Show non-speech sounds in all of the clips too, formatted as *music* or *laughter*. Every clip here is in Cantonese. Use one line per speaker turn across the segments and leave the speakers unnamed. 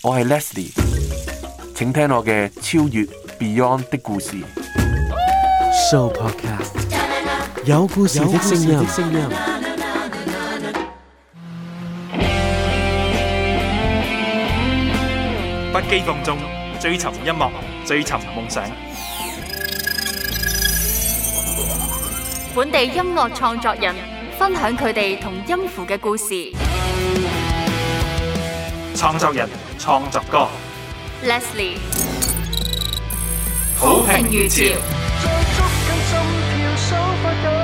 我係 Leslie，請聽我嘅超越 Beyond 的故事。So Podcast 有故事，有聲音，不羈放縱，追尋音樂，追尋夢想。
本地音樂創作人分享佢哋同音符嘅故事。
創作人。
創作歌，Leslie，好評如潮。捉
法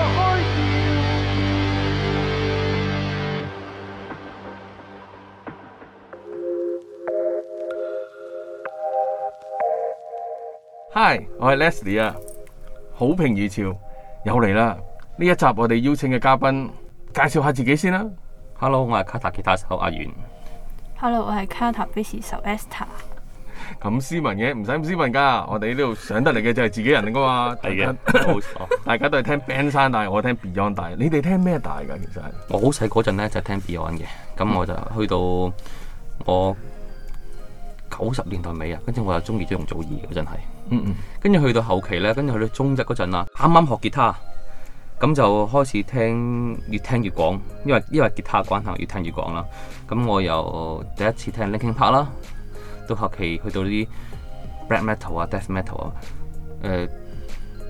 Hi，我係 Leslie 啊，好評如潮又嚟啦。呢一集我哋邀請嘅嘉賓，介紹下自己先啦。Hello，我係卡塔吉他手阿遠。
hello，我係 Catalyst Sebastian。
咁斯文嘅？唔使咁斯文噶。我哋呢度上得嚟嘅就係自己人噶嘛。第一冇錯，大家都係聽 Band 大，我聽 Beyond 大。你哋聽咩大噶？其實
我好細嗰陣咧就係、是、聽 Beyond 嘅。咁我就去到我九十年代尾啊，跟住我又中意咗容祖兒嗰陣係，嗯嗯。跟住去到後期咧，跟住去到中一嗰陣啊，啱啱學吉他。咁就開始聽，越聽越廣，因為因為吉他關係，越聽越廣啦。咁我又第一次聽 Linkin Park 啦，到後期去到呢啲 Black Metal 啊、Death Metal 啊、誒、呃、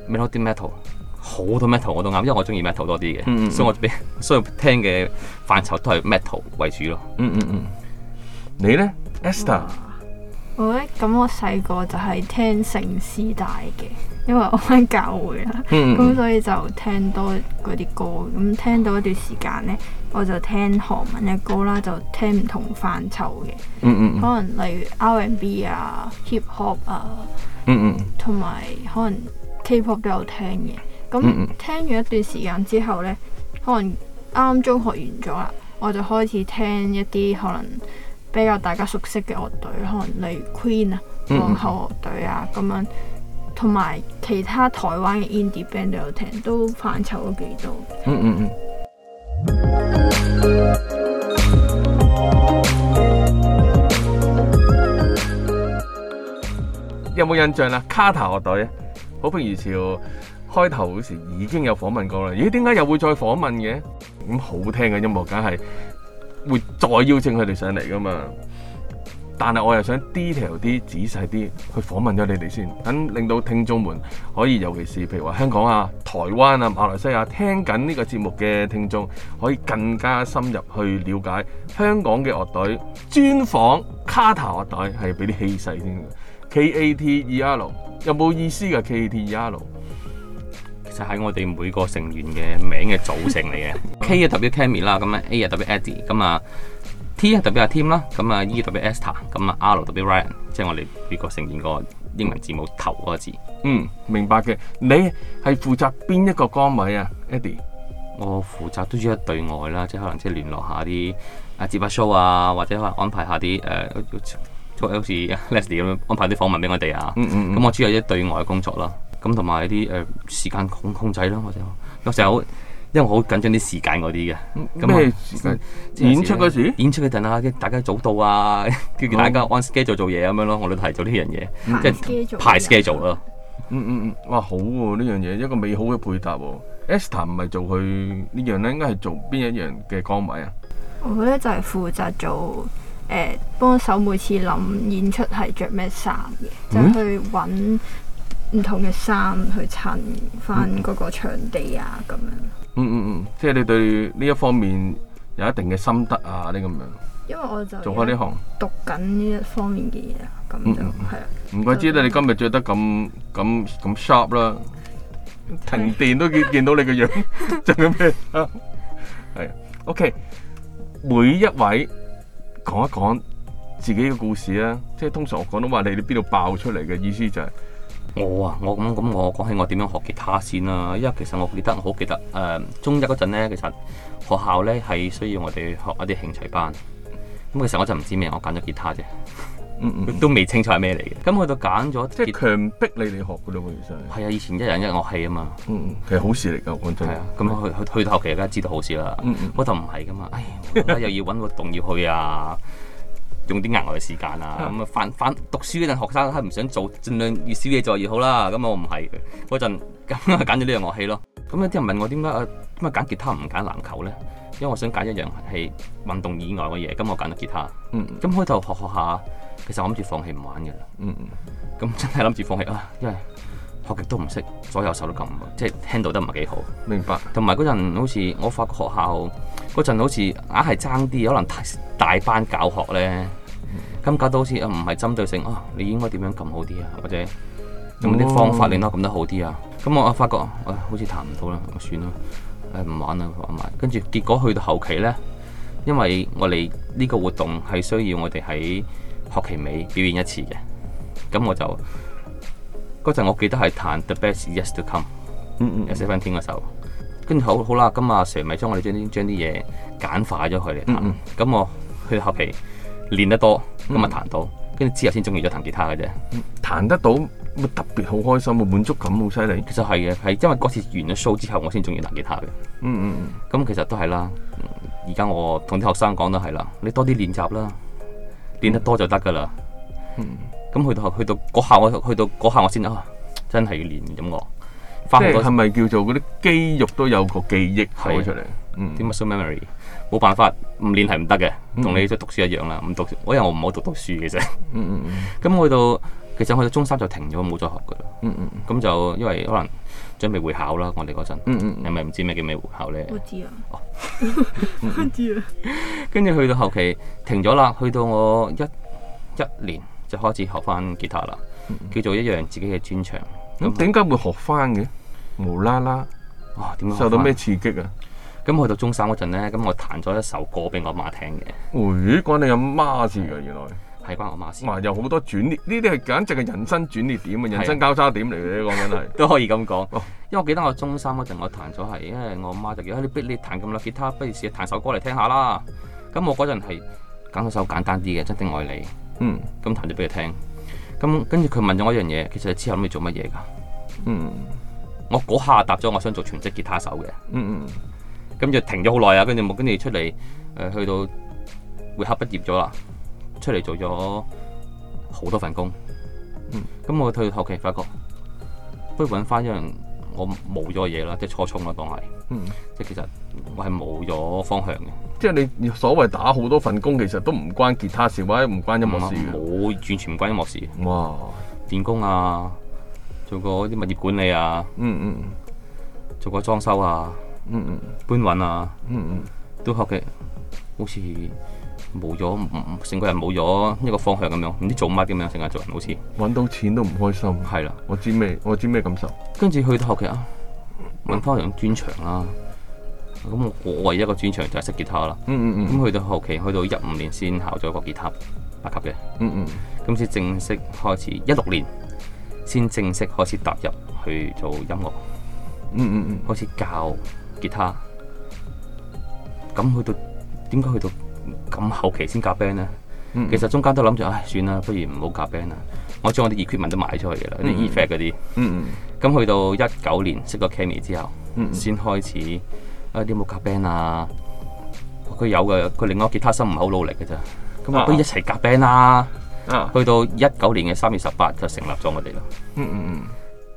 Melody Metal 好多 Metal 我都啱，因為我中意 Metal 多啲嘅、嗯嗯嗯，所以我邊所以聽嘅範疇都係 Metal 為主咯。嗯
嗯嗯，你咧 Esther、嗯
我咧咁，我細個就係聽聖詩帶嘅，因為我翻教會啦，咁、嗯嗯、 *laughs* 所以就聽多嗰啲歌，咁聽到一段時間咧，我就聽韓文嘅歌啦，就聽唔同範疇嘅，嗯嗯、可能例如 R and B 啊、Hip Hop 啊，同埋、嗯嗯、可能 K-pop 都有聽嘅，咁聽完一段時間之後咧，可能啱啱中學完咗啦，我就開始聽一啲可能比較大家熟悉嘅樂隊，可能例如 Queen 啊、
皇后
樂隊啊咁、嗯嗯、樣，同埋其他台灣嘅 Indie band 都有聽，都範疇咗幾多嗯。嗯
嗯
嗯。有冇印象啊？卡塔樂隊，好風雨潮開頭嗰時已經有訪問過啦，咦？點解又會再訪問嘅？咁好聽嘅音樂，梗係～會再邀請佢哋上嚟噶嘛？但係我又想 detail 啲，仔細啲去訪問咗你哋先，等令到聽眾們可以，尤其是譬如話香港啊、台灣啊、馬來西亞聽緊呢個節目嘅聽眾，可以更加深入去了解香港嘅樂隊專訪。卡 a t a 樂隊係俾啲氣勢先，K A T E R 有冇意思噶 K A T E R。就喺我哋每個成員嘅名嘅組
成嚟嘅。 *laughs* K 啊，代表 Kami 啦，咁啊，A 啊，代表 Eddie，咁啊，T 啊，代表阿 Tim 啦，咁啊，E 代表 Esther，咁啊，R 啊，代表 Ryan，即係我哋呢個成員個英文字母頭嗰個字。嗯，明白嘅。你係負責邊一個崗位啊？Eddie？我負責都要係對外啦，即係可能即係聯絡一下啲啊接下 show 啊，或者可能安排一下啲誒，好、呃、似 Leslie 咁樣安排啲訪問俾我哋啊。嗯嗯咁、嗯嗯、我主要係一對外嘅工作咯。咁同埋啲誒時間控控制咯，我就有時候因為我好緊張啲時間嗰啲嘅。咩時間？演出嗰時？演出嗰陣啊，大家早到啊，嗯、叫大家按、嗯、schedule 做嘢咁樣咯，我哋提做呢樣嘢，即係排 schedule 咯、啊。嗯嗯
嗯，哇好喎、啊，呢樣嘢一個美好嘅配搭喎、啊。Esther 唔係做佢呢樣咧，應該係做邊一樣嘅崗位啊？
我覺得就係負責做誒幫、呃、手，每次諗演出係着咩衫嘅，就是、去揾。嗯唔同嘅衫去襯翻嗰個場地啊，咁樣。嗯
嗯嗯，即係你對呢一方面有一定嘅心得啊，定咁樣。
因為我就做開呢行，讀緊呢一方面嘅
嘢，啊，咁就係啊。唔怪之得你今日着得咁咁咁 sharp 啦，停電都見見到你個樣，就緊咩？係。OK，每一位講一講自己嘅故事啊，即係通常我講到話你哋邊度爆出嚟嘅意思就係。
我啊、哦，我咁咁，我講起我點樣學吉他先啦、啊。因為其實我記得，我好記得，誒、呃，中一嗰陣咧，其實學校咧係需要我哋學一啲興趣班。咁其實我就唔知咩，我揀咗吉他啫，嗯嗯、都未清楚係咩嚟嘅。咁佢就揀咗，即係強迫你哋
學噶咯，其實
係。嗯嗯、啊，以前一人一樂器啊嘛。其實好事嚟噶，我講真係。啊，咁去去去到後期梗係知道好事啦。嗯嗯，度唔係噶嘛，唉，我又要揾活動要去啊。用啲額外嘅時間啊，咁啊翻翻讀書嗰陣學生係唔想做，儘量越少嘢做越好啦。咁我唔係嗰陣咁啊，揀咗呢樣樂器咯。咁有啲人問我點解啊咁啊揀吉他唔揀籃球咧？因為我想揀一樣係運動以外嘅嘢，咁我揀咗吉他。
嗯，咁
開頭學學下，其實我諗住放棄唔玩嘅啦。嗯嗯。咁真係諗住放棄啊，因為。學極都唔識，左右手都撳唔，即係 handle 得唔係幾好。明白。同埋嗰陣好似我發覺學校嗰陣好似硬係爭啲，可能大，大班教學咧，咁教到好似唔係針對性哦、啊，你應該樣點樣撳好啲啊？或者有冇啲方法令到撳得好啲啊？咁我、哦、我發覺，好似彈唔到啦，算啦，唉，唔玩啦，唔玩埋。跟住結果去到後期咧，因為我哋呢個活動係需要我哋喺學期尾表演一次嘅，咁我就。嗰陣我記得係彈 The Best Years to Come，嗯嗯，Seventeen 嗰首，跟住好好啦，咁阿 Sir 咪將我哋將啲將啲嘢簡化咗佢嚟彈，咁、嗯嗯、我去到後期練得多，咁咪彈到，跟住、嗯、之後先中意咗彈吉他嘅啫。
彈得到會特別
好開心，會滿足感好犀利。其實係嘅，係因為嗰次完咗 show 之後，我先中意彈吉他嘅。嗯嗯嗯，咁其實都係啦，而、嗯、家我同啲學生講都係啦，你多啲練習啦，練得多就得噶啦。嗯嗯咁去到去到嗰下我，我去到下我，我先啊，真係要練音樂我即係係咪叫做嗰啲肌肉都有個記憶喺出嚟？啲的、嗯、muscle memory 冇辦法唔練係唔得嘅，同、嗯、你都讀書一樣啦。唔讀，我又我唔好讀到書嘅啫。嗯咁、嗯、去到其實去到中三就停咗，冇再學噶啦、嗯。嗯咁就因為可能準備會考啦，我哋嗰陣。嗯咪唔知咩叫咩會考咧？我知啊。跟住去到後期停咗啦，去到我一一年。一一一一就開始學翻吉他啦，嗯、叫做一樣自己嘅專長。咁點
解會學翻嘅？無啦啦，啊點？受到咩刺
激啊？咁去到中三嗰陣咧，咁我彈咗一首歌俾我媽聽、哎、
關媽聽嘅。咦？講你阿媽先嘅、啊，原來係關我媽先、啊。哇、啊！有好多轉捩，呢啲係簡直係人生轉捩點啊，的人生交叉點嚟嘅。講緊係， *laughs* 都可以咁講。因為我記得我中三嗰陣，我彈咗係因為我媽就叫：你
逼你彈咁多吉他，不如試，試，試彈首歌嚟聽下啦。咁我嗰陣係揀首簡單啲嘅《真的愛你》。嗯，咁彈咗俾佢聽，咁跟住佢問咗我一樣嘢，其實你之後諗住做乜嘢㗎？嗯，我嗰下答咗我想做全職吉他手嘅，嗯嗯，咁就停咗好耐啊，跟住冇，跟住出嚟，誒，去到會考畢業咗啦，出嚟做咗好多份工，嗯，咁我退到後期發覺，不如搵翻一樣我冇咗嘅嘢啦，即係初衷啦，當係。嗯，即係其實我係冇咗方向嘅，即係你所謂打好多份工，其實都唔關吉他事，或者唔關音樂事，冇、嗯、完全唔關音樂事。哇！電工啊，做過啲物業管理啊，嗯
嗯，
做過裝修啊，嗯嗯，搬運啊，嗯嗯，嗯都後期，好似冇咗，成個人冇咗一個方向咁樣，唔知做乜咁樣，成日做，人好似
搵到錢都唔開心。係啦的，我知咩，我知咩感受。跟住去到後期啊。搵翻一種專長啦，
咁我唯一一個專長就係識吉他啦，嗯。嗯嗯嗯。咁去到後期，去到一五年先考咗個吉他八級嘅，嗯。嗯嗯。咁先正式開始，一六年先正式開始踏入去做音樂，嗯。嗯嗯嗯。開始教吉他，咁去到點解去到咁後期先夾 band 呢？嗯、其實中間都諗住，唉，算啦，不如唔好夾 band 啦。我將我啲 equipment 都賣出去嘅啦，啲 effect 嗰啲。嗯嗯。咁去到一九年識咗 Cammy 之後，先、嗯嗯、開始啊啲冇夾 band 啊，佢有嘅佢另外吉他手唔係好努力嘅咋。咁啊不如一齊夾 band 啦。啊，啊啊去到一九年嘅三月十八就成立咗我哋咯。嗯嗯
嗯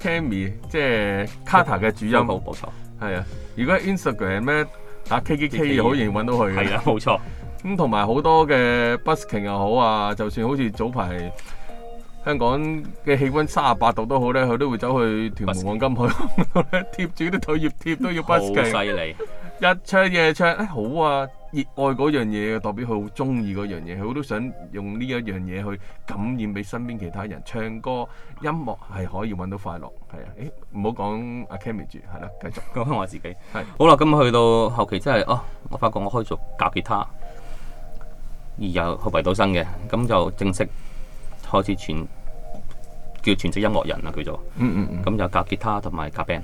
Cammy 即係 Cater 嘅主音，冇冇錯。係啊，如果 Instagram 咩啊 K K K KK 又好易揾到佢嘅，係啊冇錯。咁同埋好多嘅 Busking 又好啊，就算好似早排。香港嘅氣温三十八度都好咧，佢都會走去屯門黃金海岸咧，貼住啲退熱貼都要不羣，好犀利！日唱夜唱，哎好啊！熱愛嗰樣嘢，代表佢好鍾意嗰樣嘢，佢都想用呢一樣嘢去感染俾身邊其他人。唱歌，音樂係可以搵到快樂，係啊！誒唔好講阿 Cambridge，係啦，繼續講返我自己。係好啦，咁去
到後期真係，哦，我發覺我開始夾吉他，而又學埋到新嘅，咁就正式開始全。叫全職音樂人啊，叫做。嗯嗯嗯。咁又教吉他同埋夾 band，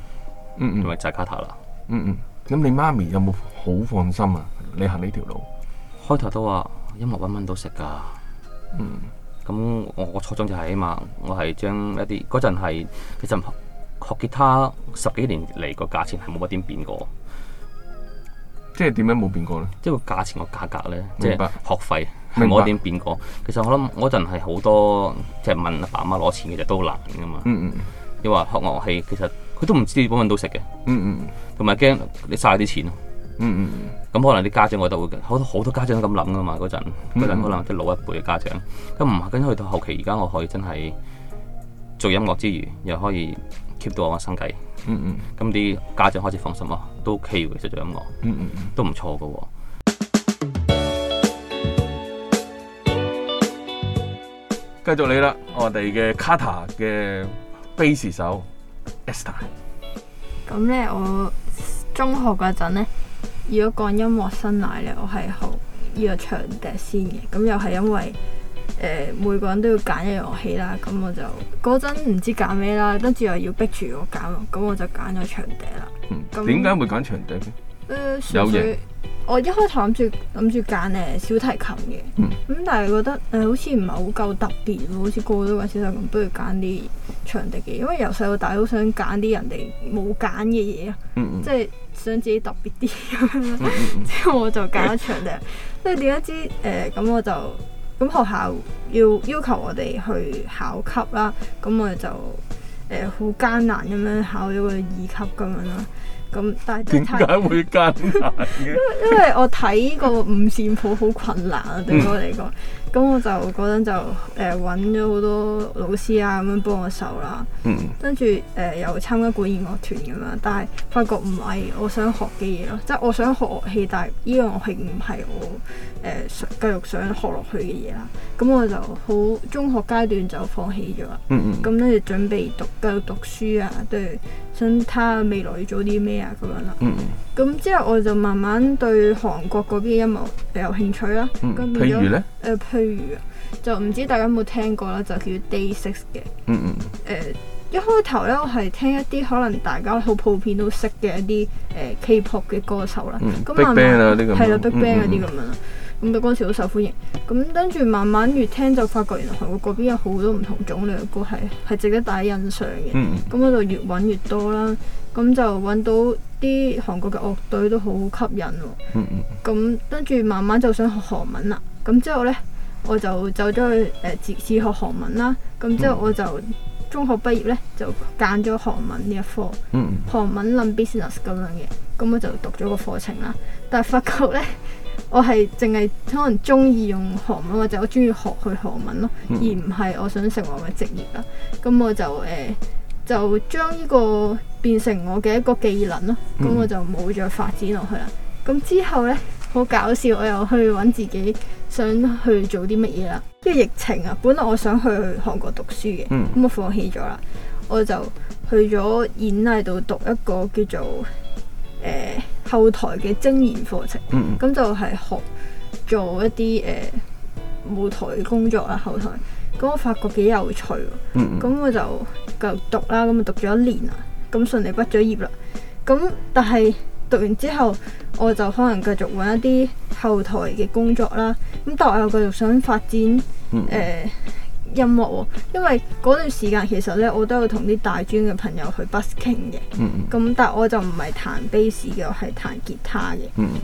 嗯嗯，咪就係卡塔啦。嗯
嗯。咁你媽咪有冇好放心啊？你行呢條路。開頭
都話音樂揾揾都食㗎。嗯。咁、嗯、我我初中就係起碼，我係將一啲嗰陣係其實學,學,學吉他十幾年嚟個價錢係冇乜點變過。即係點樣冇變過咧？即係個價錢個價格咧，即係學費。冇一點變過，是是其實我諗我陣係好多即係、就是、問阿爸阿媽攞錢嘅就都難噶嘛。嗯嗯嗯。你、嗯、話學樂器，其實佢都唔知補唔到食嘅、嗯。嗯嗯同埋驚你晒啲錢。嗯嗯嗯。咁、嗯、可能啲家長我哋都會好多好多家長都咁諗噶嘛，嗰陣嗰陣可能啲老一輩嘅家長，咁唔係跟去到後期，而家我可以真係做音樂之餘，又可以 keep 到我嘅生計。嗯嗯。咁啲家長開始放心咯、啊，都 OK 嘅，其實做音樂。
都唔錯噶。嗯嗯嗯繼續你啦，我哋嘅 Kata 嘅貝司手 Esther。
咁咧，我中學嗰陣咧，如果講音樂生涯咧，我係好呢個長笛先嘅。咁又係因為誒每個人都要揀一樣樂器啦。咁我就嗰陣唔知揀咩啦，跟住又要逼住我揀，咁我就揀咗長笛啦。
嗯，點解會揀長笛
咧？有型、嗯。我一開頭諗住諗住揀誒小提琴嘅，咁、嗯、但係覺得誒好似唔係好夠特別咯，好似個個都玩小提琴，不如揀啲長笛嘅，因為由細到大都想揀啲人哋冇揀嘅嘢啊，即係、嗯嗯、想自己特別啲咁樣，之後我就揀咗長笛，即係點解知。誒、呃、咁我就咁學校要要求我哋去考級啦，咁我就誒好艱難咁樣考咗個二級咁樣啦。點解
會
艱難
嘅？因為 *laughs* 因為我睇個五線譜好困難啊， *laughs* 對我嚟講。咁、嗯、我就嗰陣就誒揾咗好多老師啊，咁樣幫我手啦、啊。跟住誒又參加管弦樂團咁樣，但係發覺唔係我想學嘅嘢咯，即、就、係、是、我想學樂器，但係呢個樂器唔係我誒繼、呃、續想學落去嘅嘢啦。咁我就好中學階段就放棄咗啦。嗯，咁跟住準備讀繼續讀書啊，對。想睇下未來要做啲咩啊咁樣啦。嗯。咁之後我就慢慢對韓國嗰邊嘅音樂比較有興趣啦。咁譬、嗯、如咧？誒、呃，譬如就唔知大家有冇聽過啦，就叫 Day Six 嘅。嗯嗯。誒、呃，一開頭咧，我係聽一啲可能大家好普遍都識嘅一啲誒、呃、K-pop 嘅歌手啦。咁、嗯、慢慢。係啦，BigBang 嗰、啊、啲咁樣啦。咁啲歌詞好受歡迎，咁跟住慢慢越聽就發覺原來韓國嗰邊有好多唔同種類嘅歌係係值得大家欣賞嘅。咁、嗯、我就越揾越多啦，咁就揾到啲韓國嘅樂隊都好吸引喎、哦。咁跟住慢慢就想學韓文啦，咁之後呢，我就走咗去、呃、自自學韓文啦，咁之後我就、嗯、中學畢業呢，就揀咗韓文呢一科。嗯、韓文論 business 咁樣嘅，咁我就讀咗個課程啦，但係發覺呢。我係淨係可能中意用韓文，或者我中意學去韓文咯，嗯、而唔係我想成為嘅職業啊。咁我就誒、呃、就將呢個變成我嘅一個技能咯。咁、嗯、我就冇再發展落去啦。咁之後呢，好搞笑，我又去揾自己想去做啲乜嘢啦。因為疫情啊，本來我想去韓國讀書嘅，咁、嗯、我放棄咗啦。我就去咗演藝度讀一個叫做、呃後台嘅精研課程，咁、嗯嗯、就係學做一啲誒、呃、舞台嘅工作啊，後台。咁我發覺幾有趣，咁、嗯嗯、我就繼續讀就讀啦，咁讀咗一年啦，咁順利畢咗業啦。咁但係讀完之後，我就可能繼續搵一啲後台嘅工作啦。咁但係我又繼續想發展誒。嗯嗯呃音樂喎、哦，因為嗰段時間其實咧，我都有同啲大專嘅朋友去 busking 嘅。咁、嗯嗯、但係我就唔係彈 bass 嘅，我係彈吉他嘅。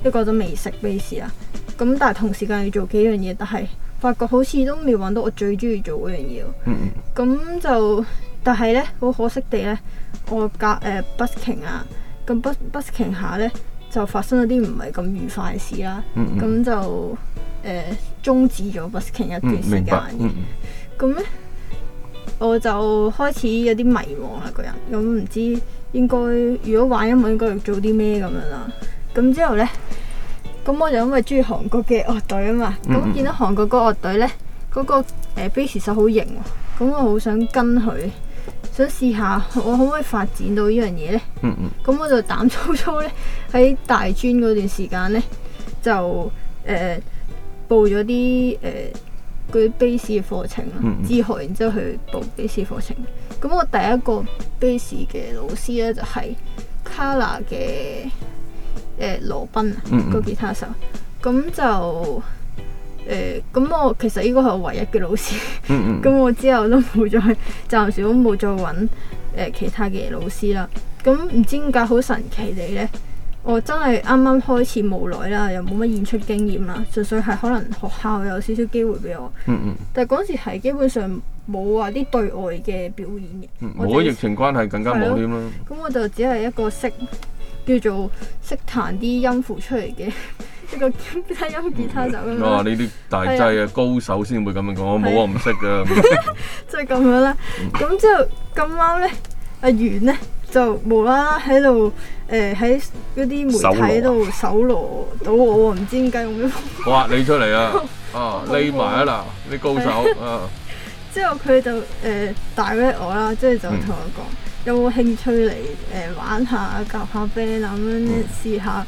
一個嗯。都未識 bass 啊。咁但係同時間要做幾樣嘢，但係發覺好似都未揾到我最中意做嗰、嗯嗯、樣嘢。咁就但係咧，好可惜地咧，我隔誒 busking 啊，咁、呃、bus busking 下咧就發生咗啲唔係咁愉快嘅事啦。咁、嗯嗯、就誒中、呃、止咗 busking 一段時間、嗯咁咧，我就開始有啲迷茫啦，個人咁唔、嗯、知應該如果玩音樂應該要做啲咩咁樣啦。咁、嗯嗯、之後呢，咁我就因為中意韓國嘅樂隊啊嘛，咁見到韓國個樂隊咧，嗰、那個誒 bass 手好型喎，咁我好想跟佢，想試下我可唔可以發展到呢樣嘢呢。嗯咁、嗯、我就膽粗粗呢，喺大專嗰段時間呢，就誒、呃、報咗啲誒。呃嗰啲 bass 嘅課程啦，自學然之後去報 bass 課程。咁我第一個 bass 嘅老師咧就係 Kala 嘅誒羅賓啊，個吉他手。咁、嗯嗯、就誒咁、呃、我其實依個係我唯一嘅老師。咁、嗯嗯、 *laughs* 我之後都冇再暫時都冇再揾誒、呃、其他嘅老師啦。咁唔知點解好神奇地咧，我真係啱啱開始冇耐啦，又冇乜演出經驗啦，純粹係可能學校有少少機會俾我。
嗯
嗯。但嗰時係基本上冇話啲對外嘅表演嘅。嗯，冇疫
情關係更加冇添啦。
咁了我就只係一個識叫做識彈啲音符出嚟嘅一個吉他音吉他手啦。嗯呃、啊，呢啲大劑嘅
高手先會咁樣講，我冇我唔識噶。
即係咁樣啦。咁之後咁啱咧。阿源咧，就無啦啦喺度，誒喺嗰啲媒體度搜羅到我，唔知點解咁樣。
哇！你出嚟啦，啊匿埋啊嗱，你高手，嗯。
之後佢就誒大約我啦，即係就同我講有冇興趣嚟誒玩下夾下啤咁樣試下，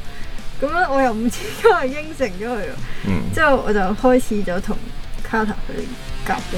咁樣我又唔知點解應承咗佢，之後我就開始就同卡塔去夾啤。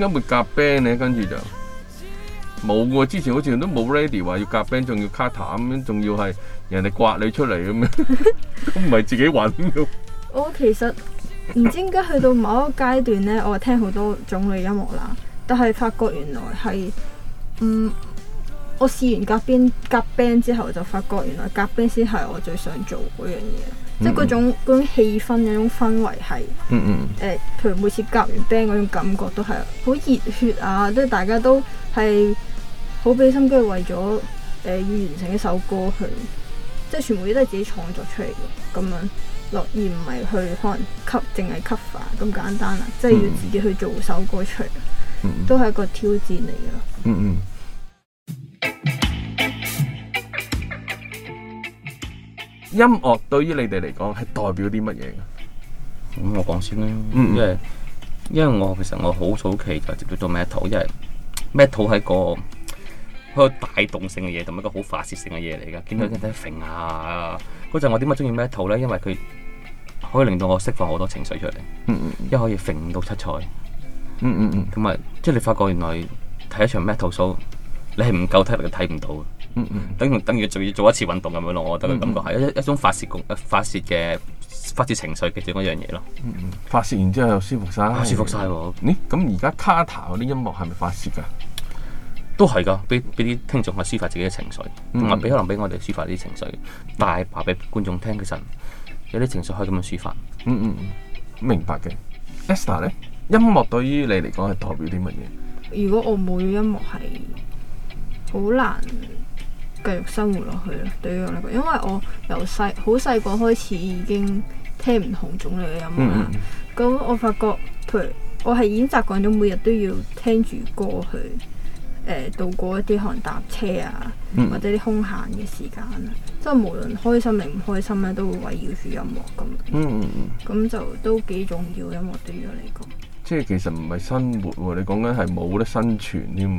點解會夾 band 咧？跟住就冇喎。之前好似都冇 ready 話要夾 band，仲要卡彈咁，仲要係人哋刮你出嚟咁樣， *laughs* 都唔係自己搵嘅。
我其實唔知點解去到某一個階段咧，我聽好多種類音樂啦，但係發覺原來係嗯，我試完夾 band 夾 band 之後，就發覺原來夾 band 先係我最想做嗰樣嘢。即係嗰種嗰種氣氛嗰種氛圍係、嗯
嗯
呃，譬如每次夾完 band 嗰種感覺都係好熱血啊！即係大家都係好俾心機，為咗誒要完成一首歌去，即係全部嘢都係自己創作出嚟嘅咁樣，落，而唔係去可能吸淨係 cover 咁簡單啊！即係要自己去做首歌出嚟，嗯嗯、都係一個挑戰嚟嘅咯。嗯嗯。
音樂對於你哋嚟講係代表啲乜嘢嘅？
咁、嗯、我講先啦、嗯，因為因為我其實我好早期就接觸 metal 因為 metal 係個一個好有帶動性嘅嘢，同埋一個好發泄性嘅嘢嚟噶。見到一頂頂揈啊，嗰陣、嗯、我點解中意 metal 咧？因為佢可以令到我釋放好多情緒出嚟。一、嗯嗯、可以揈到七彩。
嗯嗯
咁啊、嗯，即係你發覺原來睇一場 metal show，你係唔夠體力睇唔到。嗯嗯，等同等於做做一次運動咁樣咯，我覺得個感覺係一一種發洩共誒，發洩嘅發洩情緒嘅咁樣樣嘢咯。嗯
嗯，發洩完之後又舒服晒，舒服晒。你咁而家卡 a 嗰啲音樂係咪發洩噶？
都係噶，俾俾啲聽眾去抒發自己嘅情緒，同埋俾可能俾我哋抒發啲情緒，大把俾觀眾聽。其實有啲情緒可以咁樣
抒發。嗯嗯，明白嘅。e s t a e r 咧，音樂對於你嚟講係代表啲乜嘢？
如果我冇音樂係好難繼續生活落去啦！對於我嚟講，因為我由細好細個開始已經聽唔同種類嘅音樂，咁、嗯嗯、我發覺，譬如我係已經習慣咗，每日都要聽住歌去誒、呃、度過一啲可能搭車啊，嗯嗯或者啲空閒嘅時間，即係無論開心定唔開心咧，都會圍繞住音樂咁。嗯嗯嗯，咁就都幾重要，音樂對於我嚟講。
即係其實唔係生活喎，你講緊係冇得生存添，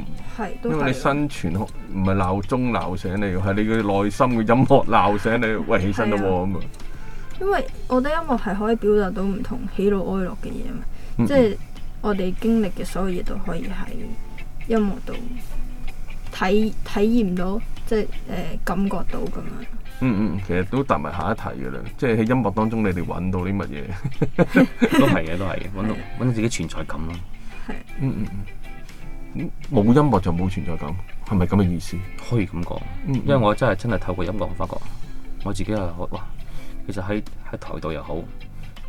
因為你
生存唔係鬧鐘鬧醒你，係你嘅內心嘅音樂鬧醒你，喂，起身咯喎咁啊！
樣因為我覺得音樂係可以表達到唔同喜怒哀樂嘅嘢啊，即係、嗯、我哋經歷嘅所有嘢都可以喺音樂度體體驗到，即係誒感覺到咁樣！
嗯嗯，其實都答埋下一題嘅啦，即係喺音樂當中你哋揾到啲乜嘢，都係嘅，都係嘅，揾到自己存在感咯。係、嗯，嗯嗯嗯，冇音樂就冇存在感，係咪咁嘅意思？可以咁講。嗯、
因為我真係真係透過音樂，我發覺我自己啊，哇，其實喺喺台度又好，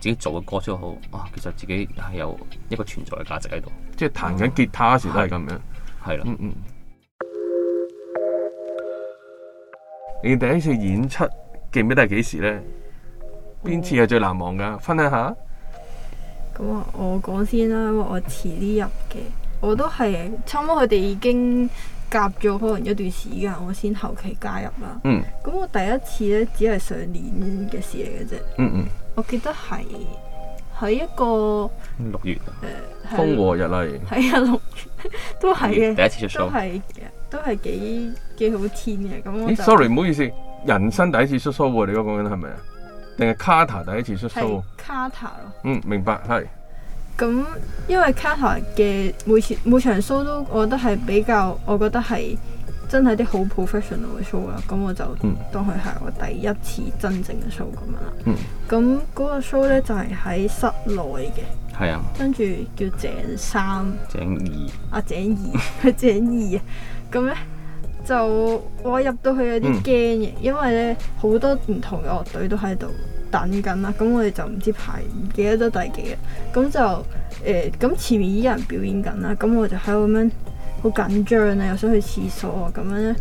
自己做嘅歌聲又好，啊，其實自己係有一個存在嘅價值喺度。即係彈緊
吉他嗰時都係咁樣，係啦、嗯嗯。嗯嗯。你第一次演出記唔記得係幾時呢？
邊次係
最難忘㗎？分享下。
咁啊，我講先啦，我遲啲入嘅，我都係差唔多佢哋已經夾咗可能一段時間，我先後期加入啦。嗯。咁我第一次呢，只係上年嘅事嚟嘅啫。嗯嗯。我記得係。喺一個
六月、啊，誒、呃、風和日麗，喺
啊六月都係嘅的，第一次出 show 都係都係幾幾好天嘅咁。sorry，唔
好意思，人生第一次出 show 喎，你嗰個係咪啊？定係卡 a t a 第一次出 s h o w 卡 a t a 咯。嗯，明白，係。
咁因為卡 a t a 嘅每次每場 show 都，我覺得係比較，我覺得係。真係啲好 professional 嘅 show 啦，咁我就、
嗯、
當佢係我第一次真正嘅 show 咁樣啦。咁嗰、嗯、個 show 咧就係、係、喺室內嘅，跟住、嗯、叫井三、
井
二、阿、
啊、井二、係 *laughs* 井二啊。咁咧就我入到去有啲驚嘅，因為咧好多唔同嘅樂隊都喺度等緊啦。咁我哋就唔知排唔記得咗第幾啊。咁就誒，咁、呃、前面已經有人表演緊啦。咁我就喺度咁樣。好緊張啊！又想去廁所啊，咁樣咧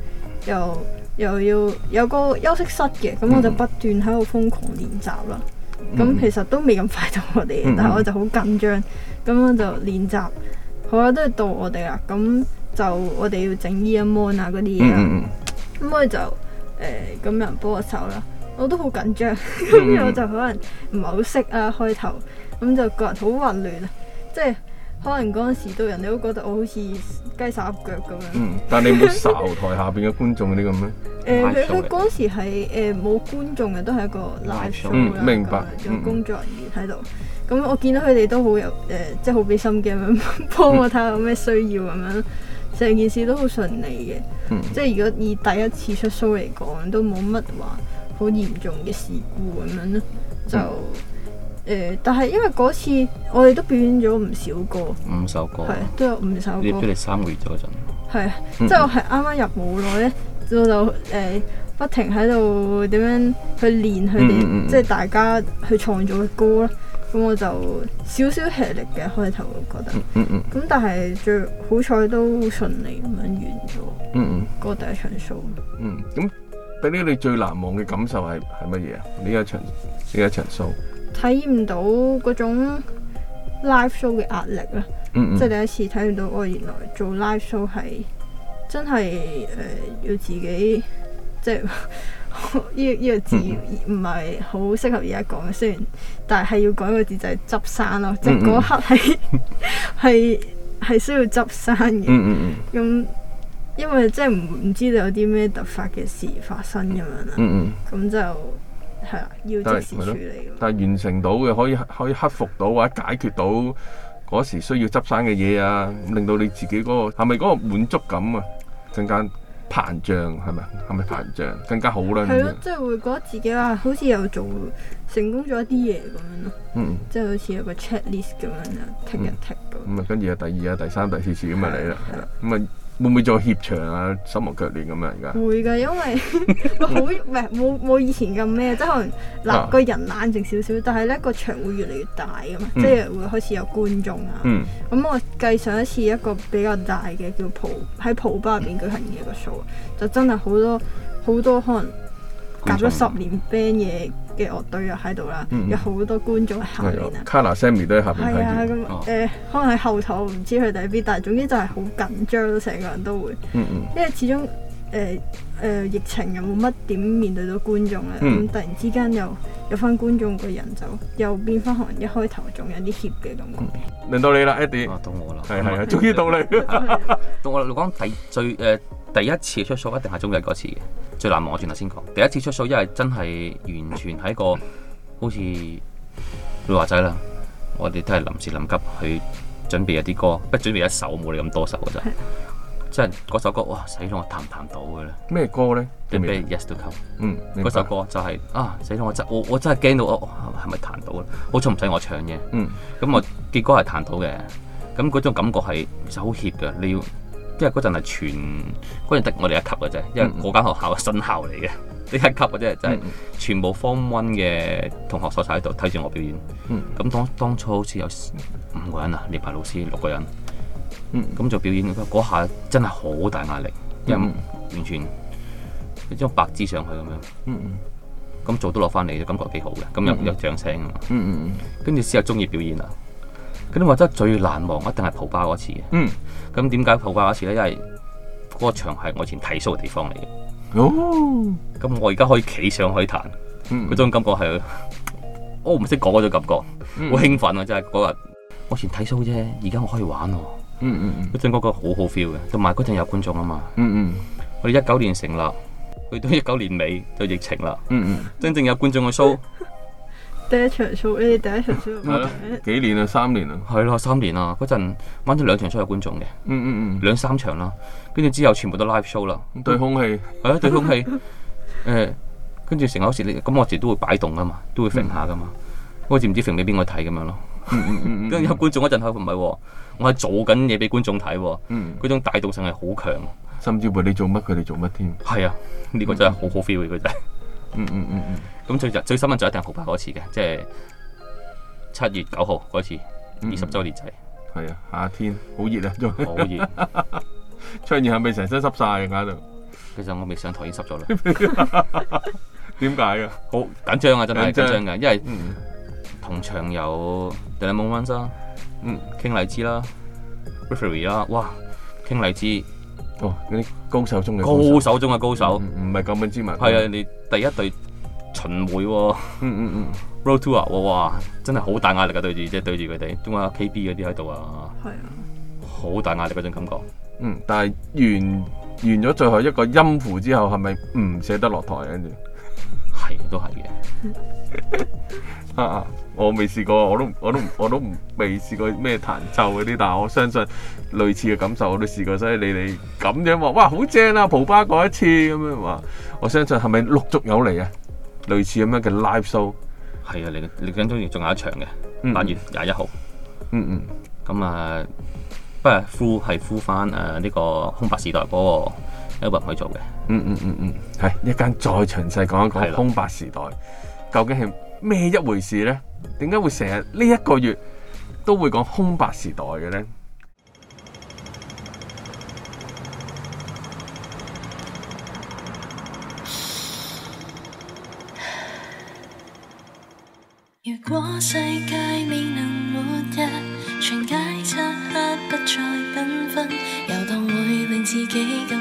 又又要有個休息室嘅，咁我就不斷喺度瘋狂練習啦。咁、嗯、其實都未咁快到我哋，嗯、但係我就好緊張，咁我就練習，好啦，都係到我哋啦。咁就我哋要整 Emon 啊嗰啲嘢啊，
咁、
嗯、我就誒咁有人幫我手啦。我都好緊張，咁 *laughs* 我就可能唔係好識啊開頭，咁就個人好混亂啊，即係。可能嗰陣時到人哋都覺得我好似雞手鴨腳咁樣。嗯，
但你冇掃台下邊嘅觀眾嗰啲咁咩？
誒、呃，佢佢嗰陣時係冇、呃、觀眾嘅，都係一個 live show、嗯、明
白。有工
作人員喺度，咁、嗯、我見到佢哋都好有誒、呃，即係好俾心機咁樣幫我睇下有咩需要咁樣，成、嗯、件事都好順利嘅。嗯、即係如果以第一次出 show 嚟講，都冇乜話好嚴重嘅事故咁樣咯，就、嗯。嗯誒，但係因為嗰次我哋都表演咗唔少歌，
五首歌，係都
有五首歌。你俾你
三個月左右，係是、嗯嗯、
即係我係啱啱入冇耐咧，我就誒、呃、不停喺度點樣去練佢哋，嗯嗯嗯即係大家去創造嘅歌啦。咁、嗯嗯嗯、我就少少吃力嘅開頭，覺得，嗯咁、嗯嗯、但係最好彩都好順利咁樣完咗，嗯，嗯，嗯個第一場 show。
嗯，嗯，咁俾你，你最難忘嘅感受係係乜嘢啊？呢一場呢一場 show。
體驗到嗰種 live show 嘅壓力咧，嗯嗯即係第一次體驗到我原來做 live show 係真係誒、呃、要自己，即係呢呢個字唔係好適合而家講嘅，雖然但係要改個字就係執生咯，即係嗰刻係係係需要執生嘅，咁、嗯嗯嗯、因為即係唔唔知道有啲咩突發嘅事發生咁樣啦，咁、嗯嗯嗯、就。係啊，要及時處理。
但係完成到嘅，可以可以克服到或者解決到嗰時需要執生嘅嘢啊，令到你自己嗰、那個係咪嗰個滿足感啊，陣間膨脹係咪？係咪膨脹對更加好咧？係咯，即係、
就是、會覺得自己啊，好似又做成功咗一啲嘢咁樣咯。嗯，即係好似有個 checklist
咁樣，啊，tick 一 tick 咁。啊、嗯，跟住啊，第二啊，第三、第四次咁咪嚟啦。係啦對。咁啊。會唔會再怯場啊？手忙腳亂咁樣
而家？會㗎，因為好唔係冇冇以前咁咩，即係可能嗱個人冷靜少少，啊、但係呢個場會越嚟越大㗎嘛，嗯、即係會開始有觀眾啊。咁、嗯、我計上一次一個比較大嘅叫蒲喺蒲吧入邊舉行嘅一個數，就真係好多好多可能。夾咗十年 band 嘢嘅樂隊又喺度啦，有好多觀眾喺下面啊。
Carla Sammy 都喺下面。係啊，咁誒，
可能喺後頭唔知佢喺邊，但係總之就係好緊張咯，成個人都會。嗯嗯。因為始終誒誒疫情又冇乜點面對到觀眾啦，咁突然之間又有翻觀眾，個人就又變翻可能一開頭仲有啲怯嘅感覺。
輪到你啦，Eddie。到我啦。係係啊，終
於到你啦。到我啦，講第最誒第一次出數一定係中日嗰次嘅。最難忘我轉頭先講，第一次出數，因為真係完全係一個好似六合仔啦，我哋都係臨時臨急去準備一啲歌，不準備一首冇你咁多首嘅啫。即係嗰首歌，哇！死到我彈唔彈到嘅咧？
咩歌咧？
咩？Yes to come？白嗯，嗰首歌就係、是、啊，死到我，我，我真我我真係驚到哦，係咪彈到咧？好彩唔使我唱嘅。嗯，咁我結果係彈到嘅。咁嗰種感覺係其實好怯嘅，你要。即係嗰陣係全嗰陣得我哋一級嘅啫，因為嗰間學校係新校嚟嘅，呢一級嘅啫，就係全部 form one 嘅同學坐晒喺度睇住我表演。咁、嗯、當當初好似有五個人啊，連埋老師六個人。咁、嗯、做表演嗰下真係好大壓力，因為完全一張白紙上去咁樣。咁、嗯、做到落翻嚟，感覺幾好嘅，咁有又掌聲啊嘛。跟住之後中意表演啦。咁我真係最難忘一定係葡巴嗰次嘅。嗯咁點解破壞一次咧？因為嗰個場係我以前睇 show 嘅地方嚟嘅。哦，咁我而家可以企上去彈，嗰、嗯、種感覺係 *laughs* 我唔識講嗰種感覺，好、嗯、興奮啊！真係嗰日我以前睇 show 啫，而家我可以玩喎、啊
嗯。
嗯嗯，嗰種好好 feel 嘅，同埋嗰陣有觀眾啊嘛。嗯嗯，嗯我哋一九年成立，去到一九年尾就疫情啦、嗯。嗯嗯，真正有觀眾嘅 show。
第一場
show，你第一場 show，幾年啦？三年啦。係咯，三年啊！嗰陣玩咗兩場出有觀眾嘅，嗯嗯嗯，兩三場啦。跟住之後全部都 live show 啦，對空氣係啊，對空氣誒。跟住成日好似你咁，我自己都會擺動噶嘛，都會揈下噶嘛。我
好似唔知揈俾邊個睇咁樣咯。
跟住有觀眾嗰陣，佢唔係喎，我係做緊嘢俾觀眾睇喎。嗯。嗰種帶動性係好強，
甚至乎你做乜佢哋做乜添。係啊，呢個真係
好好 feel 嘅，真係。
嗯嗯嗯嗯，咁、mm
mm mm mm. 最就最新聞就一定係紅白嗰次嘅，即係七月九號嗰次二十周年仔，就是。係啊、mm hmm.，夏天好熱啊，仲好熱，
出完係咪成身濕曬啊？喺度，其實我未上台已經濕咗啦。點解啊？ *laughs* 好緊張啊！真係緊張嘅，因為、mm hmm.
同場有 dynamic moment，嗯、mm，傾、hmm. 荔枝啦、啊、referee 啦，哇，傾荔枝。
哦，嗰啲高手中嘅高手，高手
中嘅高手，唔唔係咁樣之嘛。係啊，你第一隊巡回、啊嗯，嗯嗯嗯，Road Tour，、啊、哇，真係好大壓力啊！對住即係對住佢哋，仲有 KB 嗰啲喺度啊，係啊，
好大壓力嗰、啊、種感覺。嗯，但係完完咗最後一個音符之後，係咪唔捨得落台？跟住係，都係嘅。啊。 *laughs* *laughs* 是的 *laughs* *laughs* 我未試過，我都我都我都未試過咩彈奏嗰啲，但係我相信類似嘅感受我都試過，所以你哋咁樣話，哇好正啊！蒲巴嗰一次咁樣話，我相信係咪陸續有嚟啊？類似咁樣嘅 live show 係啊，嚟嚟緊中仲有一場嘅八月廿一號。嗯，嗯嗯，咁、嗯嗯、啊，不，不如 full
係 full 翻誒呢個空白時代嗰個 album 去做嘅。嗯
嗯嗯嗯，係、啊、一間再詳細講一講的空白時代究竟係咩一回事咧？點解會成日呢一個月都會講空白時代嘅呢？
如果世界未能活全街漆黑，不再繽紛，令自己咧？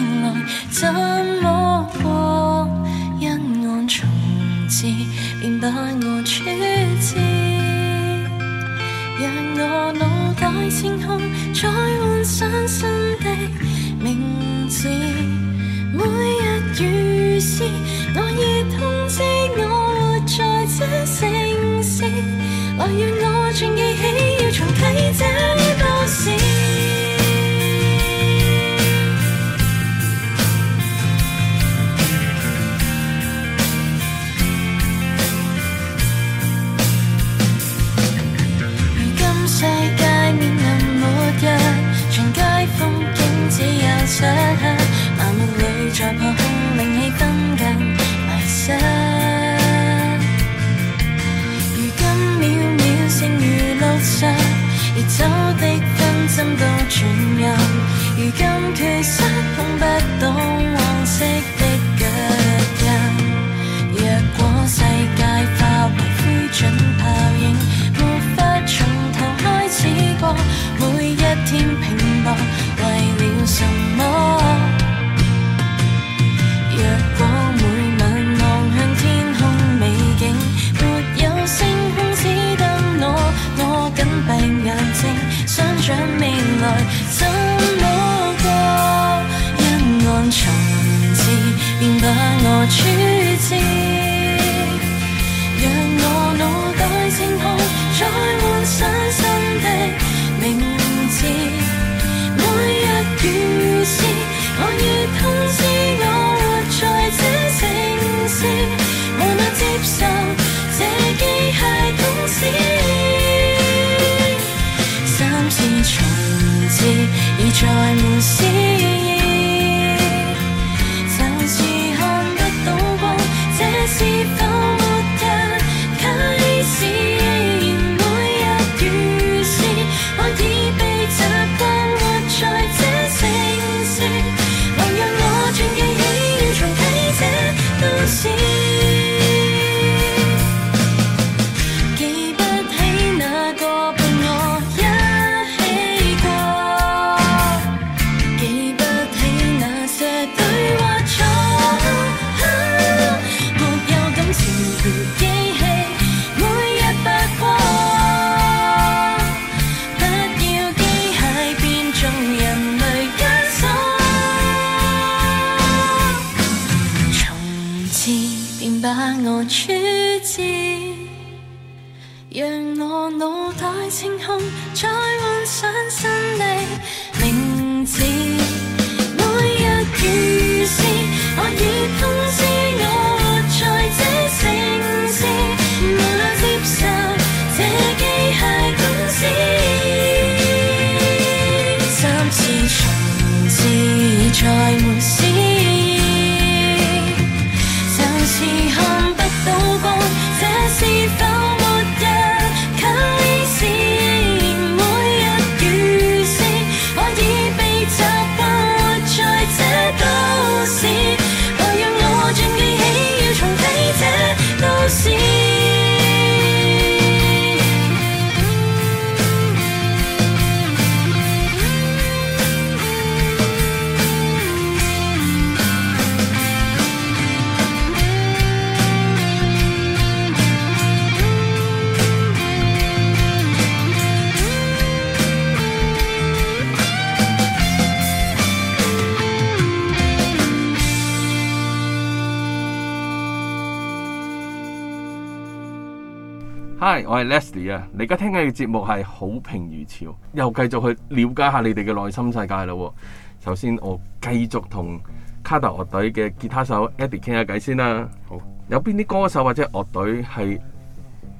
其實碰不到。處置，讓我腦袋清空，再換上新的名字。每日如是，我已通知我活在這城市，無奈接受這機械通知三次重置，已在無市。把我處置，讓我腦袋清空再，再換上新的名字。每日如是，可以通知我活在這城市，無奈接受這機械公司。 *music* 三次、重置，再沒。
Hi，我係 Leslie 啊。你而家聽緊嘅節目係好評如潮，又繼續去了解下你哋嘅內心世界啦。首先，我繼續同卡達樂隊嘅吉他手 Eddie 傾下偈先啦。好，有邊啲歌手或者樂隊係